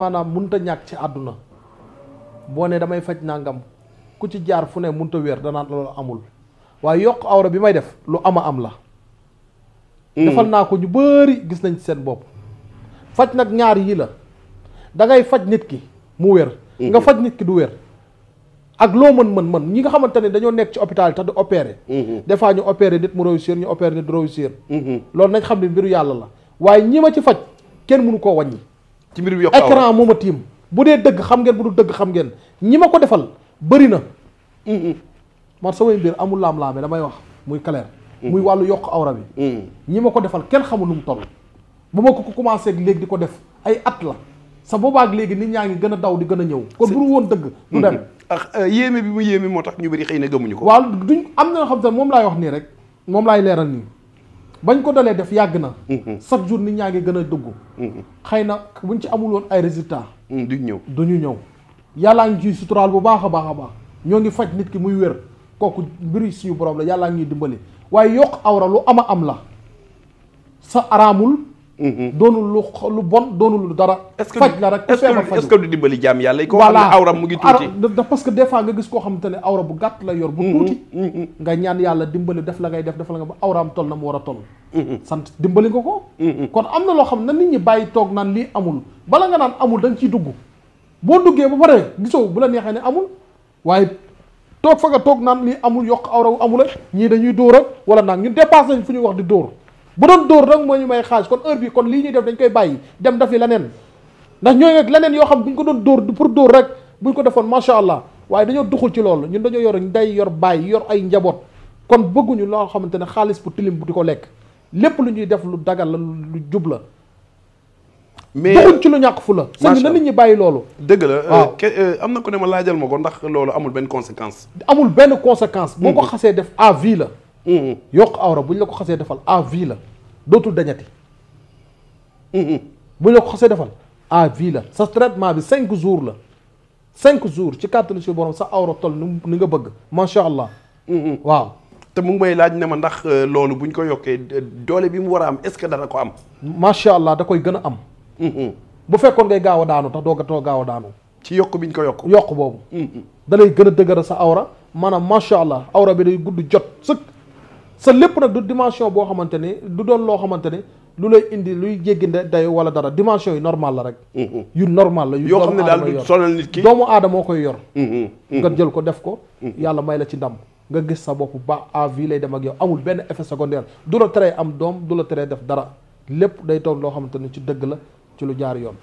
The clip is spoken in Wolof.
mana munta ñak ci aduna bo ne damay fajj nangam ku ci jaar fu ne munta da nan lolu amul wa yok awra bi may def lu ama am la hmm. defal na ko ñu beuri gis nañ sen bop fajj nak ñaar yi la da ngay fajj nit ki mu wér hmm. nga fajj nit ki du wer ak lo man man man ñi nga xamantene dañu nekk ci hôpital ta du opérer hmm. des fois ñu opérer nit mu réussir ñu opérer nit du réussir lolu nañ xam ni mbiru yalla la waye ñima ci fajj kenn mënu ko ci mbirum yokk écran moom ma tiim bu dee dëgg xam ngeen bu dul dëgg xam ngeen ñi ma ko defal bëri na mm-hmm. man samay mbir amul laam-laame damay wax muy clair mm-hmm. muy wàllu yokk awra bi mm-hmm. ñi ma ko defal kenn xamul nu mu toll bu ma ko ko commencé ak léegi di ko def ay at la sa boobaak léegi nit ñaa ngi gën a daw di gën a ñëw kon bu dul woon dëgg du dem ah yéeme bi mu yéeme moo tax ñu bëri xëy na gëmuñu ko waaw duñ am na nga xam te moom laay wax nii rek moom laay leeral nii bañ ko dalee def yàgg na. Mhm. chaque jour ni ñaa ngi gën a dugg. Mhm. xëy na buñ ci amul woon ay résultats. Mhm, duñ ñëw duñu ñëw. yàllaa ngi ciy suturaal bu baax a baax a baax ñoo ngi faj nit ki muy wér kooku mbiri suñu borom la yàlla ngi ñuy dimbali waaye yokk awra lu am a am la sa araamul. Mhm. doonul lu lu bon doonul lu dara. faj la rek ku feebar faj est-ce que du dimbali jaam yàlla yi. ko xam ne awra mu ngi tuuti parce que des fois nga gis koo xamante ne awra bu gàtt la yor. bu mhm. tuuti. Mhm. nga ñaan yàlla dimbali def la ngay def def la nga ba awraam toll na mu war a toll. sant dimbali nga ko. kon am na loo xam ne nit ñi bàyyi toog naan lii amul bala nga naan amul da nga ciy dugg boo duggee ba pare gisoo bu la neexee ne amul waaye. toog fa nga toog naan lii amul yokk awra wu amul ñii dañuy dóor ak wala naan ñun dépassé nañ fu ñuy wax di dóor bu doon dóor rek moo ñu may xaalis kon heure bi kon lii ñuy def dañ koy bàyyi dem dafi leneen ndax ñooy ak leneen yoo xam bu ñu ko doon dóor pour dóor rek bu ñu ko defoon macha allah waaye dañoo duxul ci loolu ñun dañoo yor ndey yor bàyyi yor ay njaboot kon bëgguñu loo xamante ne xaalis bu tilim bu di ko lekk lépp lu ñuy def lu dagal la lu jub la mais duxuñ ci lu ñàkk fu la sëñ na nit ñi bàyyi loolu dëgg la euh, euh, am na ko ne ma laajal ma ko ndax loolu amul benn conséquence amul benn conséquence boo ko mm-hmm. xasee def à vie la yokk awra bu ñu la ko xasee defal à vie la dootul dañati bu ñu la ko xasee defal à vie la sa traitement bi cinq jours la cinq jours ci kàttanu si borom sa awra toll ni nga bëgg macha allah waaw te mu ngi may laaj ne ma ndax loolu bu ñu ko yokkee doole bi mu war a am est-ce que dana ko am macha allah da koy gën a am bu fekkoon ngay gaaw a daanu tax doo gatoo gaaw a daanu ci yokk bi ñu ko yokk yokk boobu da lay gën a dëgëral sa awra maanaam macha allah awra bi day gudd jot sëkk sa lépp nag du dimension boo xamante ne du doon loo xamante ne lu lay indi luy jéggi dayo wala dara dimension yi normal la rek mm-hmm. yu normal la yu yoo xam ne daal du sonal nit ki doomu aadamoo koy yor mm-hmm. Mm-hmm. nga jël ko def ko yàlla may la ci ndam nga gis sa bopp ba à vie lay dem ak yow amul benn effet secondaire du la teree am doom du la teree def dara lépp day toog loo xamante ne ci dëgg la ci lu jaar yoon